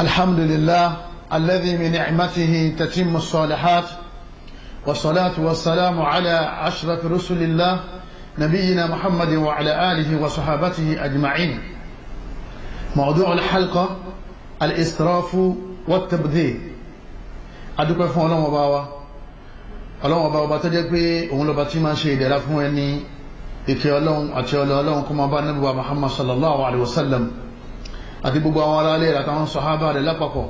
الحمد لله الذي بنعمته تتم الصالحات والصلاة والسلام على أشرف رسل الله نبينا محمد وعلى آله وصحابته أجمعين موضوع الحلقة الإسراف والتبذير adúpẹ́ fún ọlọ́run ọba wa ọlọ́run ọba ọba tó jẹ́ pé òun lọ́ba tí máa ń ṣe ìdẹ̀ra fún ẹni ìkẹ́ ọlọ́run àti ọlọ́ ọlọ́run kó máa bá níbi wa Muhammad sallallahu alaihi wasallam àti gbogbo àwọn aráalé rẹ̀ àtàwọn sọ̀hábà rẹ̀ lápapọ̀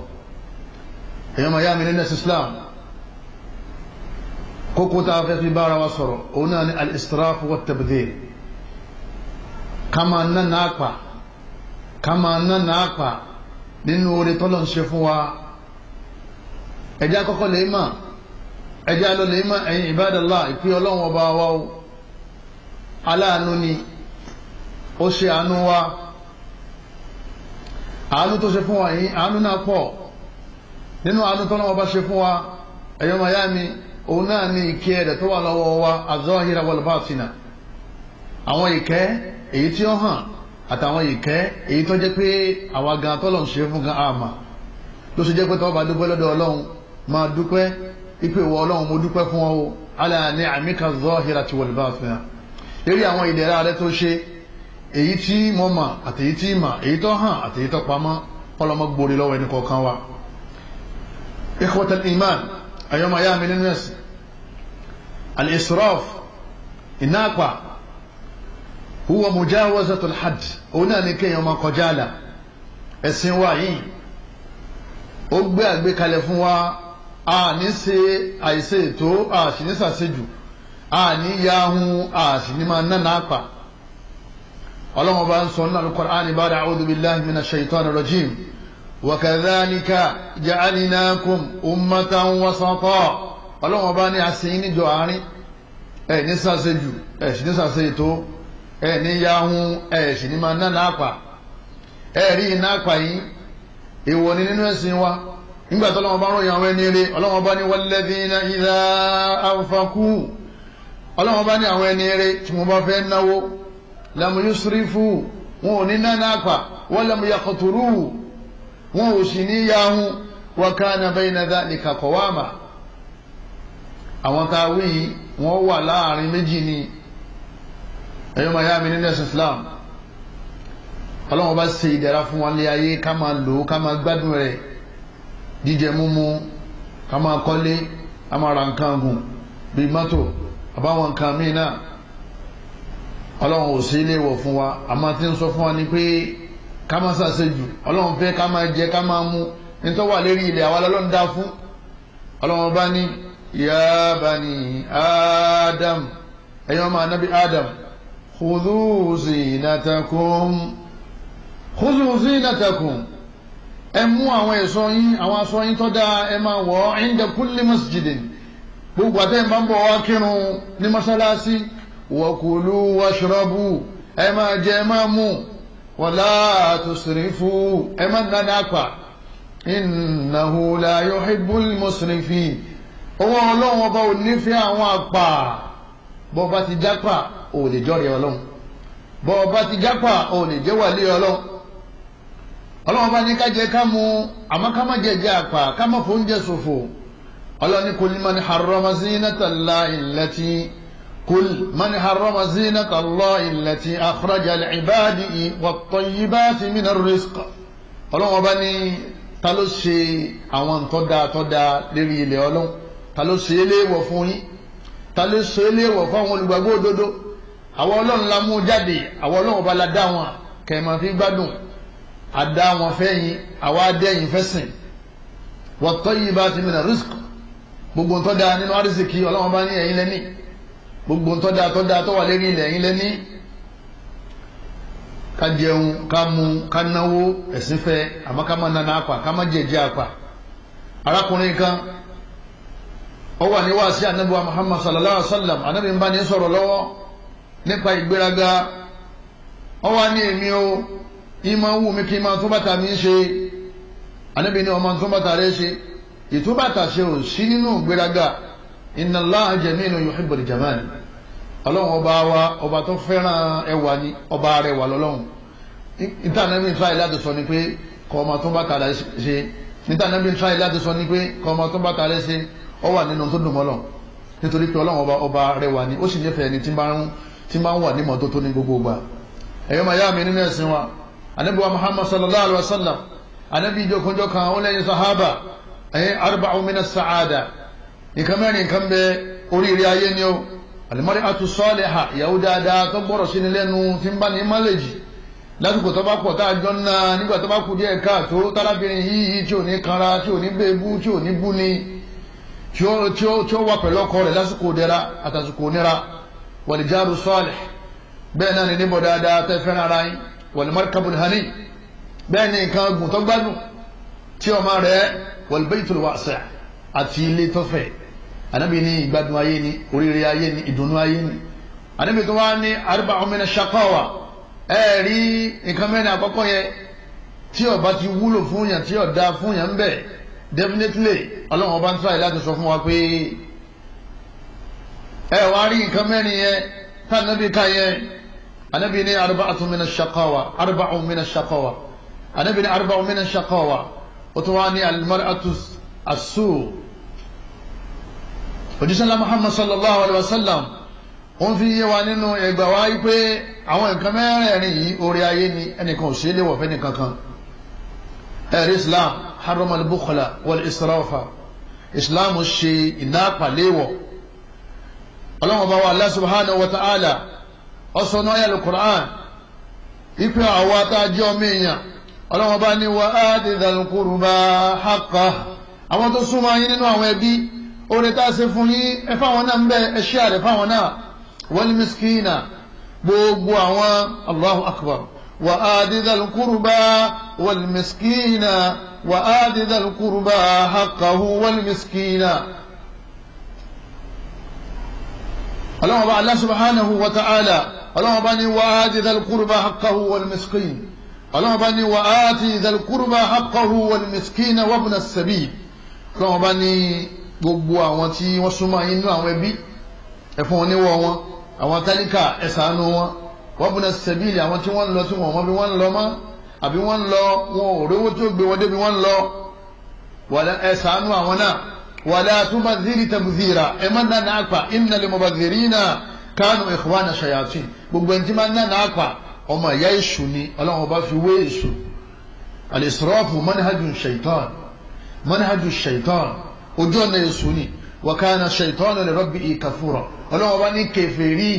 èèyàn máa yá mi nínú islam kókó tá a fẹ́ fi bára wa sọ̀rọ̀ òun náà ni al-israf wa tabdhir ká máa ná náà pa ká máa ná náà pa nínú oore tọ́lọ̀ ń ṣe fún wa ẹ̀já kọ́kọ́ lè mà ẹ̀já lọ lè mà ẹ̀yin ibadallah ìpè ọlọ́run ọba wa o aláàánú ni ó ṣe àánú wa àánú tó ṣe fún wa yìí àánú náà pọ̀ nínú àánú tó náà bá ṣe fún wa ẹ̀yọ́ màyá mi òun náà ní ìkẹ́ ẹ̀dẹ̀ tó wà lọ́wọ́ wa az-zahira wal-batina àwọn ìkẹ́ èyí tí ó hàn àtàwọn ìkẹ́ èyí tó jẹ́ pé àwa gan tọ́lọ̀ ń ṣe fún gan àmà tó ṣe jẹ́ pé tọ́wọ́ bá dúpẹ́ lọ́dọ̀ ọlọ́run máa dúpẹ́ ipe ìwọ ọlọ́run mo dúpẹ́ fún ọ ala ni'amika az-zahirati wal-batina eré àwọn ìdẹ̀ra rẹ tó èyí tí mo mà àtèyí tí mà èyí tó hàn àtèyí tó pamọ́ kọlọmọ gbòòrè lọ́wọ́ ẹni kọ̀ọ̀kan wa ikhwatal iman ayọ́mọ ayá mi nínú ẹ̀sìn al-israf ìnáàpà huwa mujawazatul hadd òun náà ní kéèyàn máa kọjá àlà ẹ̀sìn wa yìí ó gbé àgbékalẹ̀ fún wa a ní ṣe àìṣe ètò a sì ní ṣàṣejù a ní yahun a sì ní máa nánà àpà ọlọ́wọ́n bá ń sọ nínú al-Qur'an bá da a'udhu billahi mina shaitan rajim wa kadhalika ja'alnakum ummatan wasata ọlọ́wọ́n bá ní àṣeyín níjọ àárín ẹ̀ ní sàṣe jù ẹ̀ sì ní sàṣe ètò ẹ̀ ní yahun ẹ̀ sì ní máa ná náà pa ẹ̀ rí iná yìí èèwọ̀ ni nínú ẹ̀sìn wa nígbà tó ọlọ́wọ́n bá ń ròyìn ẹni rere ọlọ́wọ́n bá ní walladhina idha anfaqu ọlọ́wọ́n bá ní àwọn ẹni rere tí mo bá fẹ́ náwó lam yusrifu wọn ò ní nánàpà wọn lam yaqturu wọn ò sì ní yahun wa kana bayna dhalika qawama àwọn tá a wí yìí wọ́n wà láàrin méjì ni ẹ̀yọ́ màá yá mi nínú ẹ̀sìn Islam ọlọ́wọ́n bá ṣe ìdára fún wọn lé ayé ká máa lò ó ká máa gbádùn rẹ̀ jíjẹ múmu ká máa kọ́lé ká máa ra nǹkan gùn bíi mọ́tò àbáwọn nǹkan míì náà ọlọ́run ò sí ilé wọ̀ fún wa àmọ́ tí ń sọ fún wa ni pé ká má ṣàṣejù ọlọ́run fẹ́ ká máa jẹ ká máa mu nítorí wà lérí ilẹ̀ àwa lọ́lọ́run dá fún ọlọ́run bá ní ya bani Adam ẹ̀yin ọmọ anábì Adam khudhu zinatakum khudhu zinatakum ẹ mú àwọn ẹ̀ṣọ́ yín àwọn aṣọ yín tó dáa ẹ máa wọ̀ ọ́ inda kulli masjidin gbogbo àtẹ̀yìn bá ń bọ̀ wá kírun ní mọ́ṣáláṣí wọ̀kùlù wọ́ṣọ́rọ́bù ẹ máa jẹ ẹ máa mú wọ́lá tusrifu ẹ máa nana pa innahu la yuhibbul musrifin owó ọlọ́run ọba ò nífẹ̀ẹ́ àwọn àpà bọ́ ọba ti jápa ò lè jọ́rẹ̀ ọlọ́run bọ́ ọba ti jápa ò lè jẹ́wàlé ọlọ́run ọlọ́run ọba ní ká jẹ ká mu àmọ́ ká má jẹ jẹ àpà ká má fóúnjẹ ṣòfò ọlọ́run ní kul man harrama zinata llahi allati. قل من حرم زينة الله التي أخرج لعباده والطيبات من الرزق ọlọ́run ọba ní ta ló ṣe àwọn nǹkan dáa tó dáa lérí ilẹ̀ ọlọ́run ta ló ṣe é léèwọ̀ fún yín ta ló ṣe é léèwọ̀ fún àwọn olùgbàgbọ́ òdodo àwọn ọlọ́run la mú jáde àwọn ọlọ́run ọba la dá wọn kẹ̀mọ́ fi gbádùn àdá wọn fẹ́yìn àwa adẹ́yìn fẹ́sìn wat tayyibati mina rizq gbogbo nǹkan dáa nínú àrísìkì ọlọ́run ọba ní ẹ̀yìn lẹ́nìí gbogbo tọ́da tọ́da tó wà lérí ilẹ̀ yín lẹ́ní ká jẹun ká mu ká náwó ẹ̀sìn fẹ́ àmọ́ ká má nana apà ká má jẹ̀jẹ̀ apà arákùnrin kan ó wà ní anabi wa muhammad sallallahu alaihi wa sallam anabi ń bá ní sọ̀rọ̀ lọ́wọ́ nípa ìgbéraga ó wà ní èmi o ìmọ̀ wù mí kí n máa tún bàtà mi ṣe anabi ní ọmọ tún bàtà rẹ ṣe ìtúbàtà ṣe ò sí nínú ìgbéraga inna Allaha jamilun yuhibbul jamal ọlọ́run ọba wa ọba tó fẹ́ràn ẹwà ni ọba arẹwà lọ́lọ́run nítànẹ́bí tíráì láti sọ ni pé kọ ọmọ tó bá tààrẹ ṣe nítànẹ́bí tíráì láti sọ ni pé kọ ọmọ tó bá tààrẹ ṣe ọ wà nínú tó dùn mọ́lọ̀ nítorí pé ọlọ́run ọba ọba ni ó sì nífẹ̀ẹ́ ni tí máa ń tí máa ń wà ní gbogbo gbà ẹ̀yọ́ màá yá mi nínú ẹ̀sìn wa anabi àlùmọ́rí àtú sọ́ọ̀lẹ̀ hà ìyàwó dáadáa tó gbọ́rọ̀ sí ni lẹ́nu tí ń bá ní mọ́lẹ̀jì lásìkò tó bá pọ̀ tá a jọ ń na nígbà tó bá kú díẹ̀ káàtó tálábìnrin yìí tí ò ní kanra tí ò ní bẹ́ẹ̀bú tí ò ní bú tí ó tí ó tí ó wà pẹ̀lú ọkọ rẹ̀ lásìkò dẹ̀ra àtàsìkò nira wàlìjáru sọ́ọ̀lẹ̀ bẹ́ẹ̀ náà ni níbọ̀ dáadáa tẹ́ fẹ́ràn ara yín wàlìmọ́rìkàbùn hàní bẹ́ẹ̀ ni nǹkan gùn tó gbádùn tí ọmọ rẹ̀ wàlìbẹ́yìtùlù àti ilé tó anabi ní ìgbádùn ayé ni oríire ayé ni ìdùnnú ayé ni anabi tó wá ní arúgbó àwọn mẹ́rin ṣàkọ́wà ẹ rí nǹkan mẹ́rin àkọ́kọ́ yẹn tí ó bá ti wúlò fún yàn tí ó dá fún yàn ń bẹ̀ definitely ọlọ́run ọba ń tọ́ àyè láti sọ fún wa pé ẹ wá rí nǹkan mẹ́rin yẹn tá anabi ká yẹn anabi ní arba'atun min ash-shaqawa arba'un min anabi ní arba'un min ash ó tún wá ní al-mar'atu as òjíṣẹ́lá muhammad sallallahu alayhi wa sallam ó ń fi yé wa nínú ẹgbà wa wípé àwọn nǹkan mẹ́rẹ̀ẹ̀rin yìí orí ayé ni ẹnìkan ò ṣe é léwọ̀ fẹ́ni kankan ẹ̀rí islam haram al-bukhala wal israfa islam ṣe ìnápa ọlọ́run bá wa allah subhanahu wa ta'ala ọsàn náà quran ipe àwa tá a jẹ́ ọmọ èèyàn ọlọ́run bá ní wa adi dhal qurba haqqa àwọn tó súnmọ́ yín nínú àwọn ẹbí orin tá a ṣe fún yín ẹ fáwọn náà ń bẹ ẹ ṣe àrẹ fáwọn náà wal miskina gbogbo àwọn allahu akbar wa adidal kurba wal miskina wa adidal kurba haqqahu wal miskina. ọlọ́wọ́n bá Allah subhanahu wa ta'ala ọlọ́wọ́n bá ní wa áti dhalkurba haqqahu wal miskin ọlọ́wọ́n bá ní wa áti dhalkurba haqqahu wal miskin wabna sabi ọlọ́wọ́n bá ní gbogbo àwọn tí wọ́n súnmọ́ yín nínú àwọn ẹbí ẹ fún wọn níwọ̀ wọn àwọn tálíkà ẹ ṣàánú wọn wọ́n bùnà sẹ́bíìlì àwọn tí wọ́n ń lọ tí wọ́n mọ bí wọ́n ń lọ mọ́ àbí wọ́n ń lọ wọn ò rówó tó gbé wọn débi wọ́n ń lọ ẹ ṣàánú àwọn náà wàlá túbà zírí tàbùzíra ẹ má dáná àpà àpà ọmọ ìyá èṣù ni ọlọ́run ọba fi wé èṣù ojú ọ̀nà èṣù ni wa kana shaytanu li rabbihi kafura ọlọ́wọ́n bá ní kèfèrí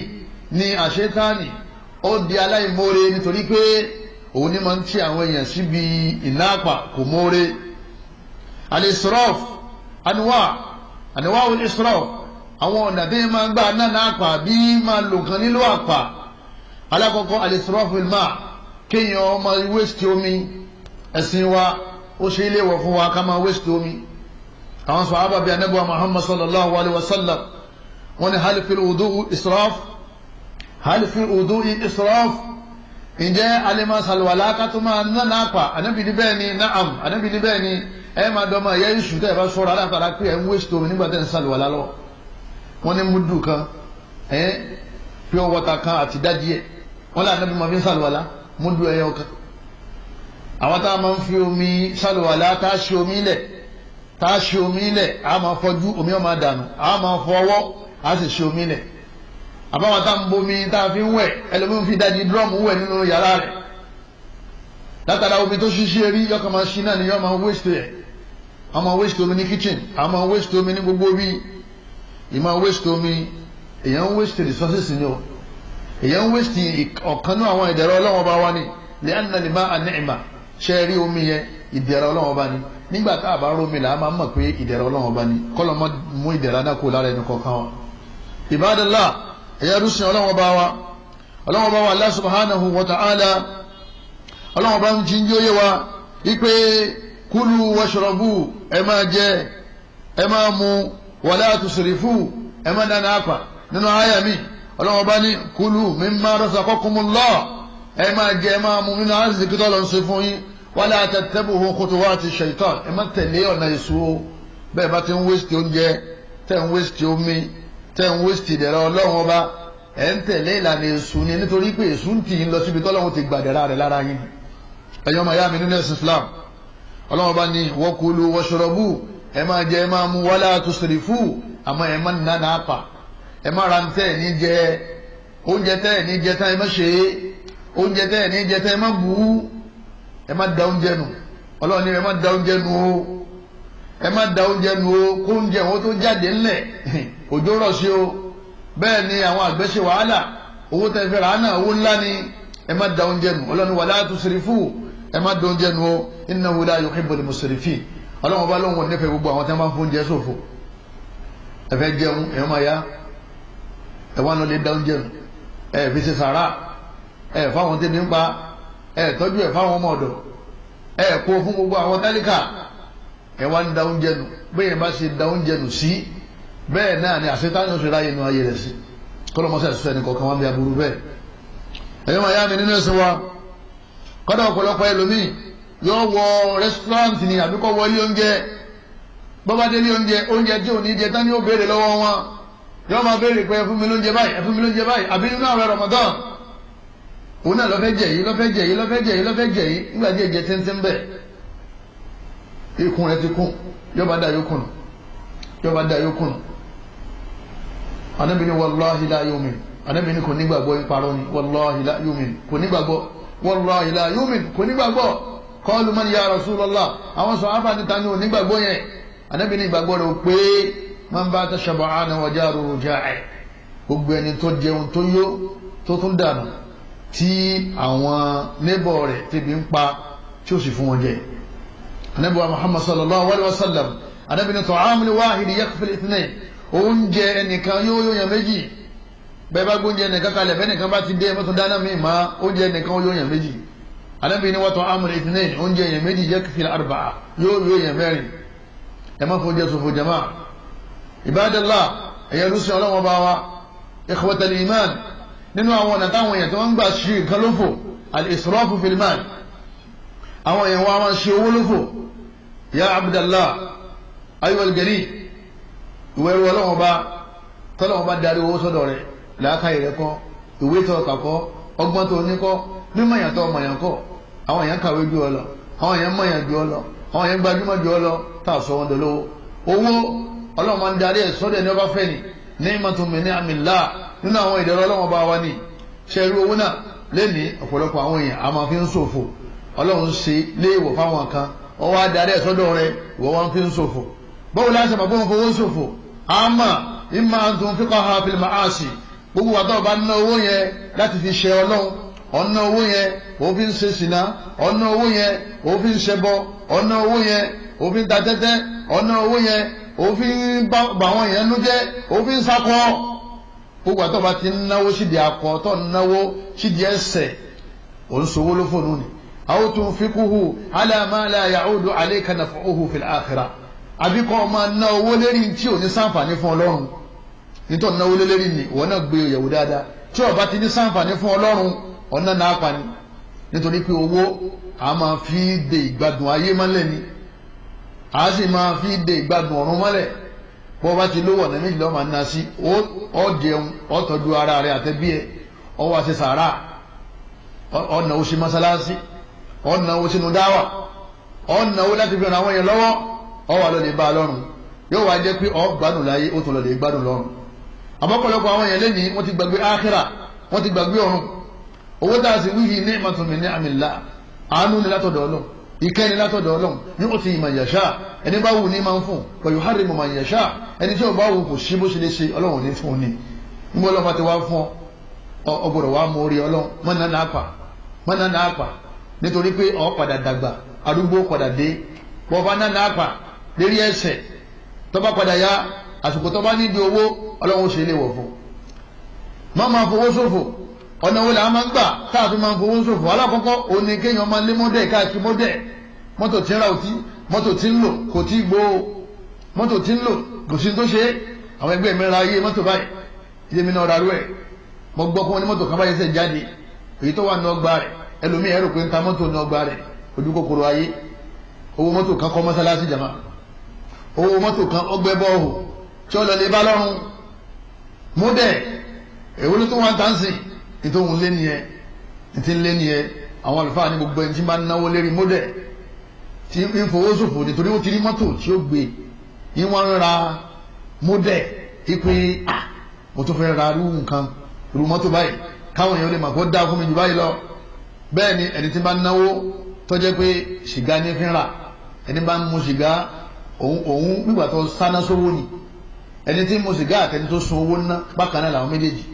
ní àṣetáni ó di aláìmoore nítorí pé òun ní máa ń tí àwọn èèyàn síbi ìnáàpà kò moore al-israf anuwa anuwa al-israf àwọn ọ̀nà tí máa ń gbà náà náàpà bí máa lò kan nílò àpà alákọ̀ọ́kọ́ al-israf kéèyàn máa waste omi ẹ̀sìn wa ó ṣe é léwọ̀ fún wa ká máa waste omi àwọn sọ̀hábà bíi anábọ̀ muhammad sallallahu alayhi wa sallam wọ́n ní hal fil wudu israf hal fil wudu israf ǹjẹ́ alimọ̀ sàlùwàlá kátó máa ná náà pa anábì ní bẹ́ẹ̀ ni naam anábì ní bẹ́ẹ̀ ni ẹ máa dọ́ máa yẹ iṣu tẹ́ ẹ bá sọ̀rọ̀ alátara pé ẹ ń wéṣítò nígbà tẹ́ ń sàlùwàlá lọ wọ́n ní múdù kan ẹ pure water kan àti dájí ẹ wọ́n lé anábì máa fi ń sàlùwàlá múdù ẹyọ kan àwọn táwọn máa ń fi omi sàlùwàlá tá a ṣe omi lẹ̀ tá a ṣe omi lẹ̀ a máa fọjú omi ọmọ dànù a máa fọwọ́ a sì ṣe omi lẹ̀ àbáwọn tá à ń bomi tá a fi ń wẹ̀ ẹlòmíín fi dájí drọ́ọ̀mù wẹ̀ nínú yàrá rẹ̀ látara omi tó ṣiṣẹ́ rí yọkọ̀ máa ṣí náà ni yọ máa wéṣẹ̀ ẹ̀ a máa wéṣẹ̀ omi ní kitchen a máa wéṣẹ̀ omi ní gbogbo bíi ìmọ̀ wéṣẹ̀ omi èèyàn ń wéṣẹ̀ resources ni o èèyàn ń wéṣẹ̀ ọ̀kan náà àwọn ìdẹ̀rọ̀ ọlọ́wọ́n bá wá ní lẹ́yìn náà ní bá àníìmà ṣe rí omi yẹn ìdẹ̀rọ̀ ọlọ́wọ́n bá ní nígbà tá a bá rómi là á máa mọ̀ pé ìdẹ̀rẹ̀ ọlọ́run ọba ni kọ́lọ́mọ mú ìdẹ̀rẹ̀ adáko lára ẹni kọ̀ọ̀kan wa ìbádọ́lá ẹ̀yà rúṣin ọlọ́run ọba wa ọlọ́run ọba wa Allah subhanahu wa ta'ala ọlọ́run ọba ń jí ń yóyé wa wípé kúlù washrabu ẹ máa jẹ ẹ máa mu wala tusrifu ẹ máa dáná àpà nínú àyà mi ọlọ́run ọba ní kúlù mimma razaqakumullah ẹ máa jẹ ẹ máa mu nínú àzìkítọ́ lọ́n wala tattabi'u khutuwati shaitan ẹ má tẹ̀lé ọ̀nà èṣù o bẹ́ẹ̀ bá ti ń wéṣìtì oúnjẹ tẹ̀ ń wéṣìtì omi tẹ̀ ń wéṣìtì ìdẹ̀rẹ̀ ọlọ́run ọba ẹ̀ ń tẹ̀lé ìlànà èṣù ni nítorí pé èṣù ń tì í lọ síbi tọ́lọ́run ti gbàdẹ̀ra rẹ̀ lára yín ẹ̀yọ́ màyá mi nínú ẹ̀sìn Islam ọlọ́run ọba ní wakulu washrabu ẹ máa jẹ ẹ má da oúnjẹ nù ọlọ́run ní ẹ má da oúnjẹ nù o ẹ má da oúnjẹ nù o kó oúnjẹ wọn tó jáde ńlẹ̀ òjò rọ̀ sí o bẹ́ẹ̀ ni àwọn àgbẹ̀ ṣe wàhálà owó tẹ̀ fẹ́ ràánà owó ńlá ni ẹ má da oúnjẹ nù ọlọ́run wala tusrifu ẹ má da oúnjẹ nù o innahu la yuhibbul musrifin ọlọ́run bá lóun nífẹ̀ẹ́ gbogbo àwọn tí wọ́n máa ń fóúnjẹ ẹ fẹ́ ẹ tọ́jú ẹ fáwọn ọmọ ọ̀dọ̀ ẹ kó fún gbogbo àwọn tálíkà ẹ wá ń da oúnjẹ nù bẹ́ẹ̀ bá ṣe da oúnjẹ nù sí bẹ́ẹ̀ náà ni àṣetánù ṣe ráyè nu ayé rẹ̀ sí kọ́lọ́mọṣẹ́ àṣìṣe ẹnì kọ̀ọ̀kan wá bí aburú bẹ́ẹ̀ ẹ̀yọ́ màá yá mi nínú ẹ̀sìn wa kọ́dọ̀ ọ̀pọ̀lọpọ̀ ẹlòmíì yóò wọ rẹ́sítọ́rántì ni àbíkọ́ wọ ilé oúnjẹ bọ́bá dé ilé oúnjẹ oúnjẹ tí ò ní jẹ tán ni ó béèrè lọ́wọ́ wọn yóò máa béèrè pé ẹ fún mi lóúnjẹ báyìí ẹ fún mi lóúnjẹ báyìí Ramadan òun náà lọ́fẹ́ jẹ̀ yìí lọ́fẹ́ jẹ̀ yìí lọ́fẹ́ jẹ̀ yìí lọ́fẹ́ jẹ̀ yìí nígbà tí ẹ̀jẹ̀ tẹ́ntẹ́n bẹ̀ ikùn rẹ ti kún yọba dá yókùn nù yọba dá yókùn nù anabini wàlláhi la yumin anabini kò nígbàgbọ́ ìparọ́ ni wàlláhi la yumin kò nígbàgbọ́ wàlláhi la yumin kò nígbàgbọ́ kọ́ọ̀lù mọ́ni ya rasulallah àwọn sọ afa níta ni ò nígbàgbọ́ yẹn anabini ìgbàgbọ́ rẹ ò pé máa ń bá tẹ̀sán bọ̀ àná wàjà rúrú jáà gbogbo ẹni tó jẹun tó yó tó tún dànù tí àwọn nébọ̀ rẹ̀ tẹ̀bi ń pa tí ó sì fún wọn jẹ anabiwa muhammad sallallahu alayhi wa sallam anabi ni ta'amun wahid yakfil ithnayn oúnjẹ ẹnìkan yóò yóò yàn méjì bẹ́ẹ̀ bá gbóúnjẹ ẹnìkan kalẹ̀ bẹ́ẹ̀ nìkan bá ti dé mọ́tò dáná mi ma oúnjẹ ẹnìkan yóò yàn méjì anabi ni wàtò amúlẹ̀ ìtìlẹ̀ oúnjẹ yàn méjì yakfil arba'a yóò yóò yàn mẹ́rin ẹ má fojẹ sọfọ jama ibadallah ẹ̀yẹ lùsìn ọlọ́wọ́n bá wa ikhwatal nínú àwọn ọ̀nà táwọn èèyàn tó ń gbà ṣe nǹkan lófò al-israfu fil mal àwọn èèyàn wa máa ṣe owó lófò ya abdallah ayyuhal gali ìwé ẹrú ọlọ́wọ́n bá tọ́lọ́wọ́n bá darí owó sọ́dọ̀ rẹ̀ làákàyè rẹ̀ kọ́ ìwé tó ọkà kọ́ ọgbọ́n tó ní kọ́ mímọ̀ èèyàn tó ọmọ èèyàn kọ́ àwọn èèyàn kàwé ju ọ lọ àwọn èèyàn mọ̀ ju ọ lọ àwọn èèyàn gbajúmọ̀ ju ọ lọ tá a sọ wọn dolówó owó ọlọ́wọ́n máa ń darí ẹ̀ sọ́dọ̀ ẹni ọba fẹ́ ni ní ìmọ̀tòmí ní àmì láà nínú àwọn ìdẹ̀rọ ọlọ́wọ́n bá wa ní ṣe irú owó náà lẹ́ni ọ̀pọ̀lọpọ̀ àwọn èèyàn a máa fi ń ṣòfò ọlọ́run ṣe léèwọ̀ fáwọn kan ọwọ́ adarí ẹ̀sọ́dọ̀ rẹ ìwọ wọn fi ń ṣòfò báwo láti mọ̀ bóun fowó ṣòfò àmà ìmọ̀ àtún fíkọ́ ha fi máa ṣì gbogbo wa tó bá ná owó yẹn láti fi ṣe ọlọ́run ọ̀nà owó yẹn òfin ṣe ṣìnà ọ̀nà owó yẹn òfin ṣẹbọ ọ̀nà owó gbogbo àtọ́ bá ti ń náwó sídìí akọ tó ń náwó sídìí ẹsẹ̀ ò ń sowó ló fònú ni aw tunfiquhu ala ma la ya'udu alayka naf'uhu fil akhirah àbí kọ́ máa ná owó lérí tí ò ní sáǹfààní fún ọlọ́run nítorí náwó lérí ni ìwọ náà gbé e yẹ̀wò dáadáa tí ó ti ní sáǹfààní fún ọlọ́run ọ̀nà náà pa ni nítorí pé owó a máa fi de ìgbádùn ayé mọ́lẹ̀ ni a sì máa fi de ìgbádùn ọ̀run mọ́lẹ̀ bó bá ti lówó ọ̀nà méjì lọ́ọ́ máa ná sí ọ jẹun ọ tọ́jú ara rẹ àtẹbí ẹ ọ wá sí sàárà ọ náwó sí mọ́sálásí ọ náwó sínú dáwà ọ náwó láti fi ràn àwọn èèyàn lọ́wọ́ ọ wà lọ́ọ́ lè bá a lọ́rùn yóò wá jẹ́ pé ọ gbádùn láyé ó tún lọ́ọ́ lè gbádùn lọ́rùn àbọ̀pọ̀lọpọ̀ àwọn èèyàn lẹ́yìn wọ́n ti gbàgbé áhírà wọ́n ti gbàgbé ọ̀run owó tá a sì wíyì ní ìmọ̀tòmí ní àmì ìkẹ́ni látọ̀dọ̀ ọlọ́run ní ó ti ìmọ̀ yàṣá ẹni bá wù ní máa ń fún pẹ̀lú hàrì mọ̀mọ̀ yàṣá ẹni tí ò bá wù kò sí bó ṣe lè ṣe ọlọ́run ní fún ni nígbà ọlọ́run bá ti wá fún ọ ọgbọ̀rọ̀ wá mú orí ọlọ́run mọ́nà náà pa mọ́nà náà pa nítorí pé ọ padà dàgbà arúgbó padà dé bọ́ọ̀bá náà náà pa lérí ẹsẹ̀ tọ́ba padà ya àsìkò tọ́ba nídìí owó ọlọ́run ó ṣe é léwọ̀ fún mọ́ máa ọ̀nà wo la máa ń gbà tá a fi máa ń fowó ṣòfò alákọ̀ọ́kọ́ òun ni kéèyàn máa lé mọ́dẹ̀ káàkiri mọ́dẹ̀ mọ́tò tí ń ra òtí mọ́tò tí ń lò kò tí gbó mọ́tò tí ń lò kò sí tó ṣe é àwọn ẹgbẹ́ mi ra iye mọ́tò báyìí iye mi náà ra rú ẹ̀ mo gbọ́ pé wọ́n ní mọ́tò kan báyìí ṣe jáde èyí tó wà ní ọgbà rẹ̀ ẹlòmíì ẹ̀rù pé ń ta mọ́tò ní ọgbà rẹ̀ ojú kòkòrò ayé owó mọ́tò kan kọ́ mọ́sálásí jàmá owó mọ́tò kan ọgbẹ́ bọ́ọ̀hù tí ó lọ lè bá lọ́rùn mú dẹ̀ èwo ló tún wá ń tà ń sìn ìtòhun lé nìyẹn ìtì lé nìyẹn àwọn àlùfáà ní gbogbo ẹni tí máa ń náwó lérí módẹ̀ tí ń fowó ṣòfò nítorí ó ti rí mọ́tò tí ó gbé ní wọ́n ń ra módẹ̀ ipe à mo tún fẹ́ ra irú nǹkan irú mọ́tò báyìí káwọn èèyàn lè mà kó dáa fún mi jù báyìí lọ bẹ́ẹ̀ ni ẹni tí bá ń náwó tọ́jẹ́ pé sìgá ní fi ń rà ẹni bá ń mu sìgá òun gbígbà tó sáná sówó ni ẹni tí ń mu sìgá àtẹni tó sun owó ná bákan náà làwọn méjèèjì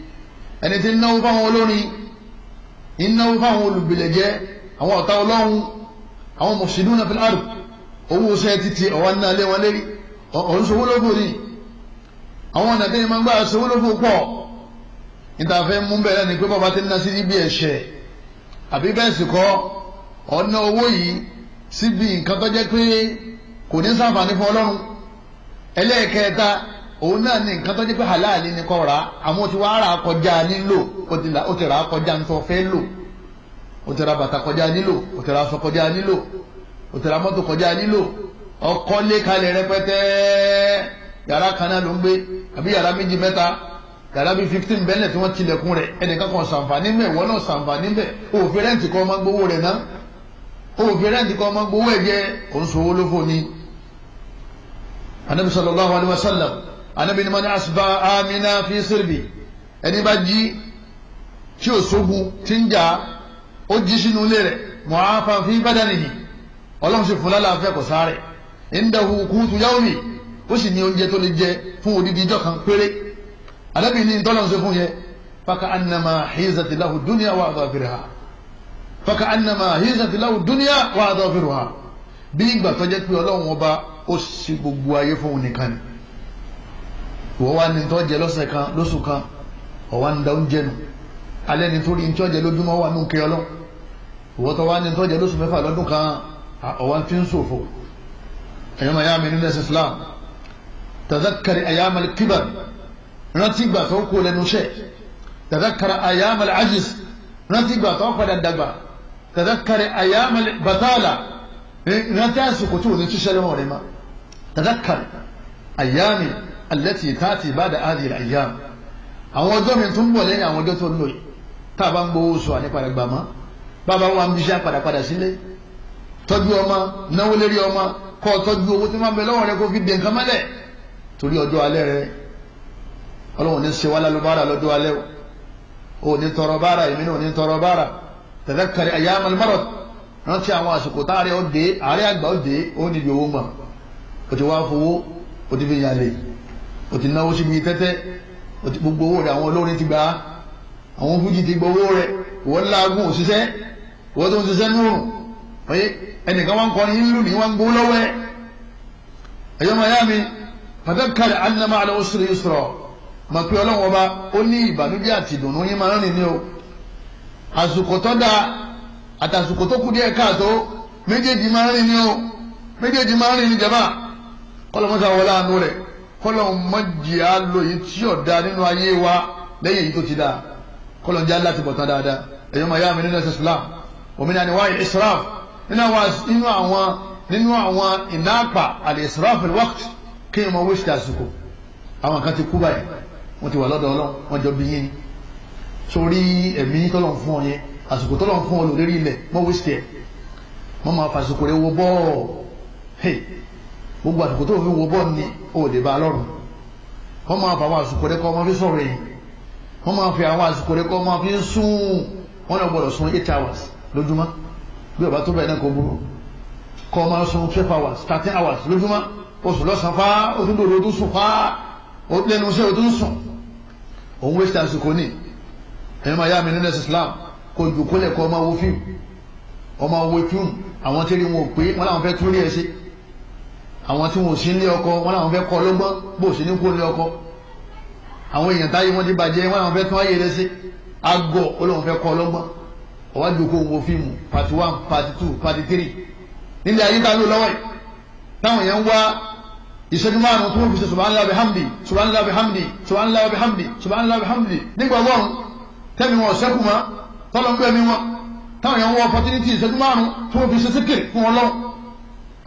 ẹni tí ń náwó fáwọn olórin ń náwó fáwọn olùgbèlẹ̀jẹ́ àwọn ọ̀tá ọlọ́run àwọn mufsiduna fil ard owó sẹ́ títí ọ̀wá náà lé wọn lérí ọ̀hún sọ wọ́lọ́gbò ni àwọn ọ̀nà tẹ́yìn máa ń gbà sọ wọ́lọ́gbò pọ̀ ìtàfẹ́ mú bẹ̀rẹ̀ ni pé bàbá ti ń ná sí ibi ẹ̀ṣẹ̀ àbí bẹ́ẹ̀ sì kọ́ ọ̀nà owó yìí síbi nǹkan tó jẹ́ pé kò ní ṣàǹfààní fún ọlọ́run ẹlẹ́ẹ̀kẹta òun náà ní nǹkan tó jẹ́ pé halali ni kọ́ ra àmọ́ ó ti wá ra kọjá nílò ó ti ra kọjá ń tọ́ fẹ́ lò ó ti ra bàtà kọjá nílò ó ti ra aṣọ kọjá nílò ó ti ra mọ́tò kọjá nílò ọkọ́ lé kalẹ̀ rẹpẹtẹ yàrá kan náà ló ń gbé àbí yàrá méjì mẹ́ta yàrá bíi fifteen bẹ́lẹ̀ tí wọ́n tilẹ̀kùn rẹ̀ ẹnìkan kan ṣàǹfààní mẹ́ ìwọ náà ṣàǹfààní mẹ́ òfin rẹ́ǹtì kan máa gbowó rẹ̀ ná òfin rẹ́ǹtì kan máa gbowó ẹ̀ jẹ́ òun lófo ni anabi sallallahu alayhi wa sallam anabi ni mani asuba amina fi sirbi ẹni bá jí tí o sógun tí ń jà ó jí sínú ilé rẹ̀ mu'afa fi badanihi ọlọ́run sì fún lálàáfẹ́ kò sáré indahu kutu yawmi ó sì ní oúnjẹ tó lè jẹ fún odidi ijọ́ kan péré anabi ni ntọ́lọ́run ṣe fún yẹ faka anama hizati lahu dunya wa adhafirha faka anama hizati lahu wa adhafirha bí ìgbà tó pé ọlọ́run ọba ó sì gbogbo ayé fún un nìkan ni ìwọ wá ní tó jẹ lọ́sẹ̀ kan lóṣù kan ọ̀wá ń da oúnjẹ nù alẹ́ ní tó rí ní tó jẹ lójúmọ́ wà nù kẹ́ ọlọ́ ìwọ tó wá ní tó lóṣù mẹ́fà lọ́dún kan ọ̀wá fi ń ṣòfò ẹ̀yọ́ màá yá mi nílẹ̀ Islam tazakari ayamal kibar rántí gbà tó kó lẹ́nu iṣẹ́ tazakari ayamal ajis rántí gbà tó padà dàgbà tazakari ayamal batala rántí àsìkò tí wò ní ṣiṣẹ́ lọ́wọ́ rẹ̀ ma tazakari ayamal allati تاتي ba'da hadhihi al-ayyam àwọn ọjọ́ mi tún bọ̀ lẹ́yìn àwọn ọjọ́ tó lò yìí tá a bá ń gbowó sọ àní padà gbà mọ́ bàbá wa ń bíṣẹ́ padà padà sílé tọ́jú ọmọ náwó lérí ọmọ kọ́ tọ́jú owó tí wọ́n bẹ lọ́wọ́ rẹ kó fi dé nǹkan mọ́lẹ̀ torí ọjọ́ alẹ́ rẹ ọlọ́run ní ṣe wá lálùbárà lọ́jọ́ alẹ́ o ní tọrọ bárà èmi náà ní tọrọ bárà tadhakkar ayyam al-marad rántí àwọn àsìkò táàrẹ ọ̀dẹ́ àárẹ̀ àgbà ọ̀dẹ́ ó níbi owó mọ̀ òtí wá fowó òtí fi yàn lè o ti náwó síbi tẹ́tẹ́ o ti gbogbo owó rẹ̀ àwọn olórin ti gbà á àwọn fújì ti gbowó rẹ̀ ìwọ́n láàgùn òṣìṣẹ́ ìwọ́n tó ń ṣiṣẹ́ nùrùn oye ẹnìkan wọn kọrin yín lù ní wọn gbó lọ́wọ́ ẹ̀ ẹ̀yọ́ máa yá mi fadhakkar anna ma'al usri yusra mọ̀ pé ọlọ́run ọba ó ní ìbànújẹ́ àti ìdùnnú yín máa rìn ní o àsùkò tó dáa àtàsùkò tó kù díẹ̀ káàtó méjèèjì máa rìn ní o méjèèjì máa rìn ní jàmbá kọ́lọ́mọ́sá wọlé àánú rẹ̀ kọ́lọ́n mọ̀jìá lóye tí ò da nínú ayé wa lẹ́yìn èyí tó ti da kọ́lọ́n já láti bọ̀ tán dáadáa ẹ̀yọ́ máa yá mi nínú ẹ̀sìn Islam òmìnira ni wáyé israf nínú àwọn nínú àwọn ìnáàpà àlè israf al-waqt kí ni mo wíṣ ti àsìkò àwọn kan ti kú báyìí wọ́n ti wà lọ́dọ̀ Ọlọ́run wọ́n jọ bí yín sórí ẹ̀mí tọ́lọ̀ fún ọ yẹn àsìkò tọ́lọ̀ fún ọ lórí ilẹ̀ mọ́ wíṣ ti ẹ̀ máa fàṣìkò rẹ̀ wọ bọ́ọ̀ gbogbo àsìkò tó fi wo bọ́ọ̀lù ni ó lè ba lọ́rùn wọ́n máa fa àwọn àsìkò rẹ kọ́ ọmọ fi sọ̀rọ̀ yìí wọ́n máa fi àwọn àsìkò rẹ kọ́ ọmọ fi sùn wọ́n náà gbọ́dọ̀ sun eight hours lójúmọ́ bí ọba tó bẹ̀rẹ̀ náà kò burú kọ́ ọmọ sun twelve hours thirteen hours lójúmọ́ oṣù lọ́sàn-án fa oṣù dòdò tó sùn fa lẹ́nu iṣẹ́ tó sùn òun wéṣẹ̀ àsìkò ní ẹ̀yin máa yá mi nínú ẹ̀sìn Islam kò jù kólẹ̀ kọ́ ọmọ wo fíìmù ọmọ wo fíìmù àwọn tẹ́lẹ̀ wọn ò pé wọn làwọn fẹ́ tún rí ẹ àwọn tí wọn ò sí ilé ọkọ wọn làwọn fẹ́ kọ́ lọ́gbọ́n bó sì ní kó ilé ọkọ àwọn èèyàn táyé wọn ti bàjẹ́ wọn làwọn fẹ́ tún ayé rẹ sí agọ olóhùn fẹ́ kọ́ lọ́gbọ́n ọwájú kó wo fíìmù pàtí one pàtí two pàtí three nílẹ̀ ayé ta ló lọ́wọ́ yìí táwọn èèyàn ń wá ìṣẹ́jú márùn-ún tó ń fi ṣe subhanallah bihamdi subhanallah bihamdi subhanallah bihamdi subhanallah bihamdi nígbà wọn tẹ́mi wọn ṣẹ́kù mọ́ tọ́lọ́ ń gbẹ̀mí wọn táwọn èèyàn ń wọ opportunity ìṣẹ́jú márùn-ún tó ń fi ṣe síkìrì fún wọn lọ́wọ́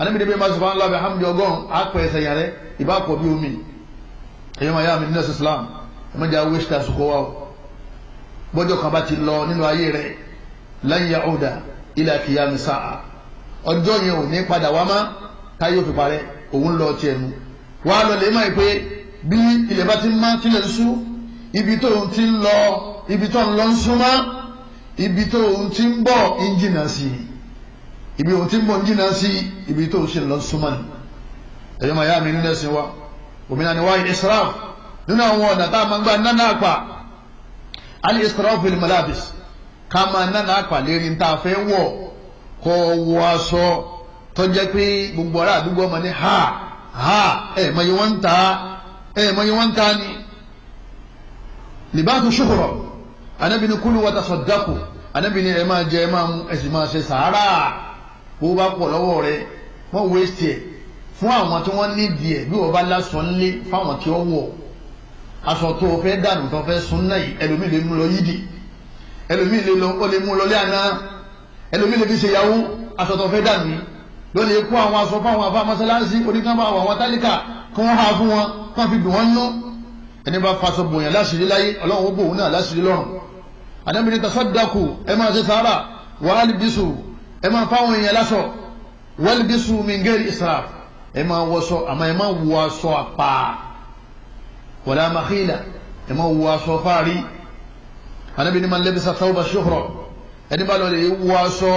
anamidi bẹ́ẹ̀ máa sọ fún alábẹ́ hamdi ọgọ́rùn apẹ ẹsẹ̀ yàrá ìbá pọ̀ bí omi ẹ̀yọ́ màá yá mi nínú islam ẹ̀mọ́jà wíṣítà sùkọ́ wa o bọ́jọ́ kan bá ti lọ nínú ayé rẹ̀ lẹ́yìn ọ̀dà ilà kìyàmù sáà ọjọ́ yẹn ò ní padà wá má táyé òfin parẹ́ òun lọ tiẹ̀ nu wà á lọ lè má yìí pé bí ilẹ̀ bá ti má tilẹ̀ ibi tó ń ti ń ibi tó ń lọ ń súnmá ibi tó ń ti ń bọ̀ ń jìnnà ibi òun ti ń bọ̀ ń jìnnà sí ibi tó ń ṣe lọ súnmọ́ ni ẹ̀yọ́ màá yá mi nínú ẹ̀sìn wa òmìnira ni wáyé israf nínú àwọn ọ̀nà tá a máa ń gbà nánà àpà al israf fil malabis ká máa nánà àpà lérí ní tá a fẹ́ wọ̀ kọ́ wọ aṣọ tó pé gbogbo ará àdúgbò ọmọ ní ha ha ẹ̀ mọ̀ yẹ wọ́n ń ta ẹ̀ mọ̀ wọ́n ń ta ni libatu ṣukurọ anabini kulu wata sọdaku anabini ẹ̀ máa jẹ ẹ̀ máa mu ẹ̀ sì máa ṣe sàárà owó bá pọ̀ lọ́wọ́ rẹ wọ́n wéṣì ẹ̀ fún àwọn tí wọ́n nídi ẹ̀ bí wọ́n bá lásọ ńlé fáwọn tí ó wọ̀ aṣọ tó o fẹ́ dànù tó o fẹ́ sun náà yìí ẹlòmíì lè mú lọ yídì ẹlòmíì lè lọ ó lè mú lọ lé àná ẹlòmíì lè fi ṣe yahoo aṣọ tó o fẹ́ dànù yìí ló lè kó àwọn aṣọ fáwọn afá mọ́sálásí oníkàmbá àwọn tálíkà kí wọ́n há fún wọn kí wọ́n fi dùn wọ́n nú ẹni bá faṣọ bòyàn láṣìírí láyé ọlọ́run ó bòun náà láṣìírí lọ́rùn àdébìnrin tasaddaqu ẹ máa ṣe sàárà wàhálì bísù ẹ máa fáwọn èèyàn lásọ walbisu min ghairi israf ẹ máa wọṣọ àmọ́ ẹ máa wọ aṣọ àpá wala makhila ẹ máa wọ aṣọ fáàrí anabi ni man labisa thawba shuhra ẹni bá lọ lè wọ aṣọ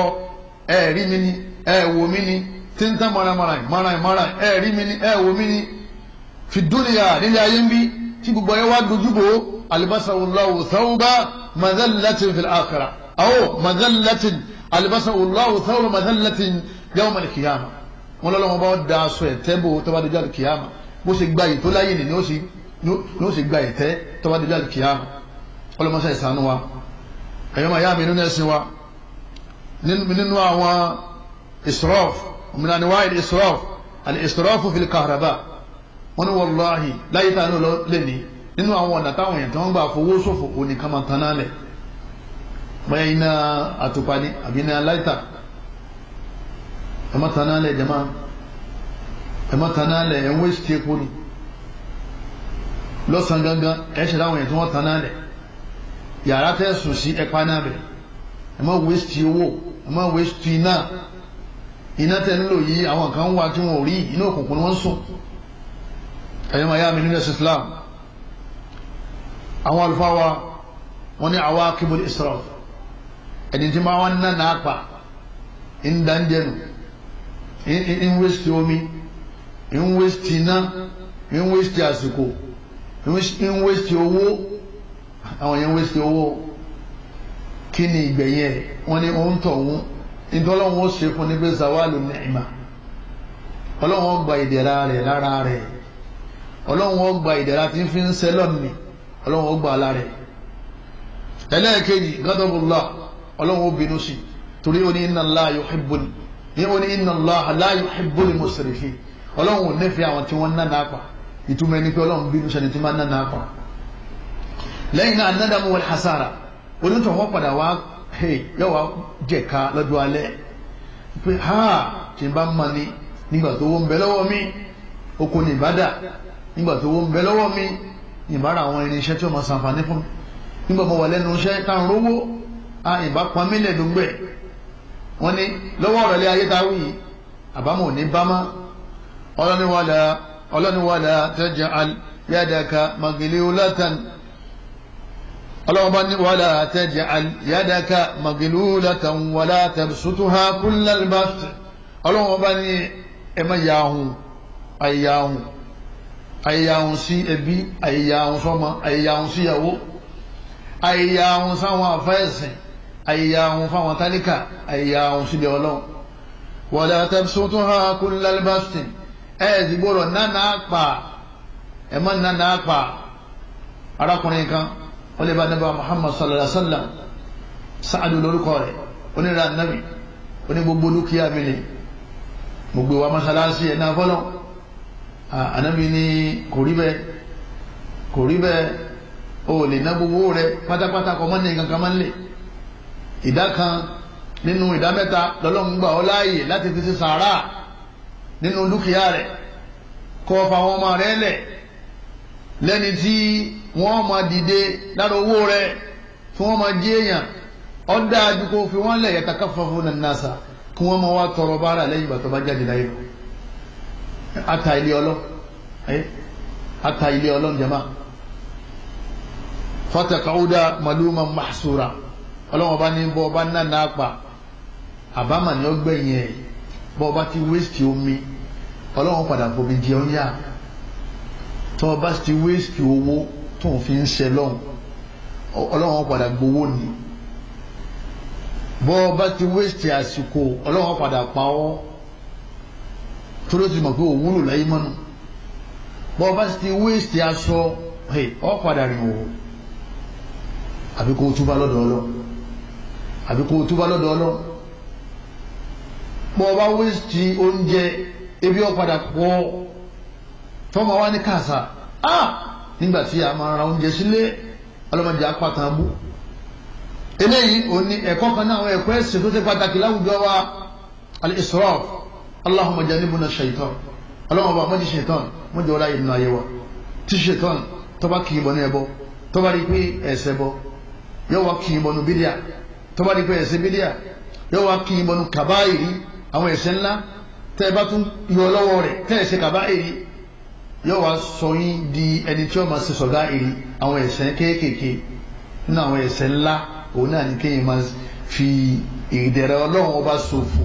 ẹ rí mi ni ẹ wò mí ni tí ń tán maramara maramara mara ẹ rí mi ni ẹ wò mí ni fi dúnìyà nílé ayé ń bí tí gbogbo ẹ wá dojúbò alibasa wùlọ́wù thawba madhallatin fil akhirah awo alibasa wòlúwàwò sáwọn mọ̀tẹ́lẹ́tì yàwó mọ̀lẹ́ kìyàmà wọn lọ́lọ́ wọn bá wọn da aṣọ ẹ̀tẹ́ bò tó bá dojú àlù kìyàmà bó ṣe gba èyí tó láyé ni ni ó ṣe gba ẹ̀tẹ́ tó bá dojú àlù kìyàmà ọlọ́mọṣẹ́ ìsànú wa ẹ̀yọ́ máa yá mi nínú ẹ̀sìn wa nínú àwọn israf òmìnira ni wáyé israf àti israf fil kahraba wọn ni wàlláhi láyé tá a ní lọ lẹ́ni nínú àwọn ọ̀nà táwọn èèyàn tí wọ́n gbà fowó ṣòfò òní kàmá tán bóyá iná àtùpà ni àbí iná láìtà ẹ má taná lẹ̀ jẹ́má ẹ má taná lẹ̀ ni lọ́sàn gangan ẹ ṣe láwọn èèyàn tí wọ́n taná lẹ̀ yàrá tẹ́ sùn sí ẹ paná bẹ̀ ẹ má wé sí owó ẹ má wé iná iná nílò yìí àwọn kan wà tí wọn ò rí iná òkùnkùn wọn sùn ẹ̀yọ́ màá yá mi nínú Islam àwọn àlùfáà wa wọ́n ní àwa kébùl israf ẹni tí máa ń nánà apà ń dáńjẹ omi ń wéṣì iná ń wéṣì àsìkò àwọn yẹn ń wéṣì owó kí wọn ni òun tọ̀ wọn ìtọ́lọ́wọ́n ṣe fún ni pé zawalu gba ìdẹ̀ra rẹ̀ lára rẹ̀ gba ìdẹ̀ra tí fi ń sẹ́lọ̀ mi gba lára rẹ̀ ẹlẹ́ẹ̀kejì ọlọ́run ó bínú sí torí ó ní inna Allah yuhibbul ní ó ní inna Allah la yuhibbul musrifin ọlọ́run ò nífẹ̀ẹ́ àwọn tí wọ́n ń nánà apá ìtumọ̀ ẹni pé ọlọ́run bínú sẹ́ni tí máa ń nánà apá lẹ́yìn náà nádàmú wal hasara onítọ̀wọ́ padà wá yóò wá jẹ̀ka lọ́jọ́ alẹ́ pé ha tí n bá mọ ni nígbà tó wọ́n bẹ lọ́wọ́ mi oko ní ìbádà nígbà tó wọ́n bẹ lọ́wọ́ mi ìbára àwọn irinṣẹ́ tí ó máa ṣàǹfààní àyìnbá pọn mílẹ̀ dùgbẹ̀ wọn ni lọ́wọ́ ọ̀rọ̀ ilé ayé ta wí àbámọ̀ ní bámá ọlọ́niwàlá ọlọ́niwàlá taj'al yadaka magilulatan ọlọ́wọ́ba ní wàlá taj'al yadaka magilulatan wàlá tabsutuha kullal bast ọlọ́wọ́ba ní ẹ̀mọ́ yahun ayahun ayahun sí ẹbí ayahun sọ́mọ ayahun síyàwó ayahun sáwọn afẹ́sìn àyíyá àwọn fáwọn tálíkà àyíyá àwọn síbi ọlọ́run wọ̀dà tẹ́bísùn tó hàn kún lálbàstìn ẹ̀ ti gbọ́dọ̀ nánà pa ẹ̀ mọ́ nánà pa arákùnrin kan wọ́n lè bá níbà Muhammad sallallahu alayhi wa sallam sáàdù lórúkọ rẹ̀ onírà nàbì oní gbogbo dúkìá mi ni mo gbé wa mọ́sálásí ẹ̀ náà fọ́lọ́ ànábì ni kò rí bẹ́ẹ̀ kò rí bẹ́ẹ̀ o lè ná gbogbo rẹ̀ pátápátá kọ́ mọ́ ní kankan máa ń lè ìdá kan nínú ìdá mẹ́ta lọ́lọ́run gbà ọ́ láàyè láti fi ṣe sàárà nínú dúkìá rẹ̀ kọ́ fa àwọn ọmọ rẹ̀ lẹ̀ lẹ́ni tí wọ́n máa dìde lára owó rẹ̀ tí wọ́n máa jí èèyàn ọ́ dáa ju kó fi wọ́n lẹ̀ yatakaffafuna nasa kí wọ́n máa wá tọrọ báárà lẹ́yìn ìgbà tó bá jáde láyé lọ ata ilé ọlọ́ ata ilé ọlọ́ jama fatakauda maluma mahsura ọlọ́wọ́n bá ní bọ́ ọba náà náà pa àbámà ni ó gbẹ̀yìn ẹ̀ bọ́ ọba ti wéṣìtì omi ọlọ́wọ́n padà fomi jẹ ọ́nyà tó ọba ti wéṣìtì owó tó ń fi ń ṣe lọ́hùn ọlọ́wọ́n padà gbowó ni bọ́ ọba ti wéṣìtì àsìkò ọlọ́wọ́n padà pa ọ́ ti mọ̀ pé òwúlò láyé mọ́nu bọ́ ọba ti wéṣìtì aṣọ ọ̀ padà rìn òwò àbíkó túbá lọ́dọ̀ àbí kó o túbá lọ́dọ̀ ọlọ́ bọ́ ọba wíṣítì oúnjẹ ebi ọ̀padà pọ̀ tọ́mọ wa ní kàṣà á ah! nígbà tí a máa ra oúnjẹ sílé ọlọ́mọdé apákan bú eléyìí òní ẹ̀kọ́ kan náà àwọn ẹ̀kọ́ ẹ̀sìn tó ṣe pàtàkì láwùjọ wa al-israf allahumma janibuna shaitan ọlọ́mọba mọ́jì shaitan mọ́jì ọlá ìnú ayé wa tí shaitan tọ́ba kì í bọ̀ ní ẹbọ tọ́ba rí pé ẹ̀sẹ̀ bọ yọ wá kì í bọ̀ nù bídíà tó bá di pé ẹ̀ṣẹ̀ bídíà yóò wá kí ìbọnú kàbáyìí àwọn ẹ̀ṣẹ̀ ńlá tẹ́ ẹ bá tún yọ lọ́wọ́ rẹ̀ tẹ́ ẹ ṣe kàbáyìí yóò wá sọ yín di ẹni tí ó máa ṣe sọ̀gá ìrì àwọn ẹ̀ṣẹ̀ kéékèèké nínú àwọn ẹ̀ṣẹ̀ ńlá òun náà ni kéèyàn máa fi ìdẹ̀rẹ̀ ọlọ́run ọba ṣòfò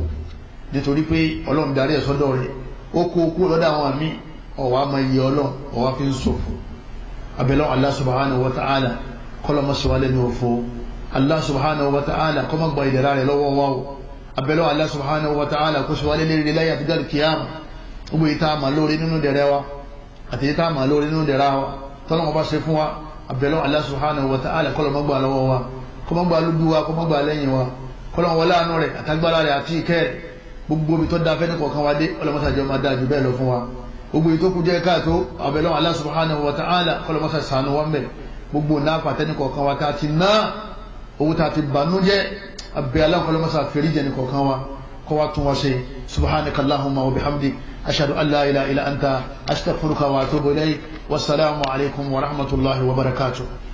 nítorí pé ọlọ́run darí ẹ̀ sọ́dọ̀ rẹ̀ ó kó kú lọ́dọ̀ àwọn àmì ọ̀wá máa yẹ ọlọ́run ọ̀wá fi ń ṣòfò abẹ́lẹ́ Allah subhanahu wa ta'ala kọ́lọ́mọ́sowálẹ́nu òfò allah subhanahu wa ta'ala kó má gba ìdẹ̀ra rẹ̀ lọ́wọ́ wa o abẹ́lẹ́ allah subhanahu wa ta'ala kó sọ̀rọ̀ lé lè láyé àtijọ́ kìíyàmù gbogbo ìta àmà lórí nínú dẹ̀rẹ́ wa àti ìta àmà lórí nínú dẹ̀ra wa tọ́lọ́ wọn bá ṣe fún wa abẹ́lẹ́ allah subhanahu wa ta'ala kó lọ́ má gba lọ́wọ́ wa kó má gba lójú wa kó má gba lẹ́yìn wa kó lọ́ wọn láàánú rẹ̀ àtagbára rẹ̀ àti ìkẹ́ gbogbo omi tó da fẹ́ nìkọ̀ọ̀kan wa dé ọlọ́mọ́sàjọ́ máa dáa jù bẹ́ẹ̀ lọ fún wa gbogbo ìtókù jẹ́ káàtó abẹ́lẹ́ allah subhanahu wa ta'ala kó lọ́mọ́sà sànú wa ń bẹ̀ gbogbo náà pàtẹ́nìkọ̀ọ̀kan wa ta ti náà ووتاتي بانوجا بلا كلمه فريجا نكوكاوى كواتو وشي سبحانك اللهم وبحمدك اشهد ان لا اله الا انت استغفرك واتوب اليك والسلام عليكم ورحمه الله وبركاته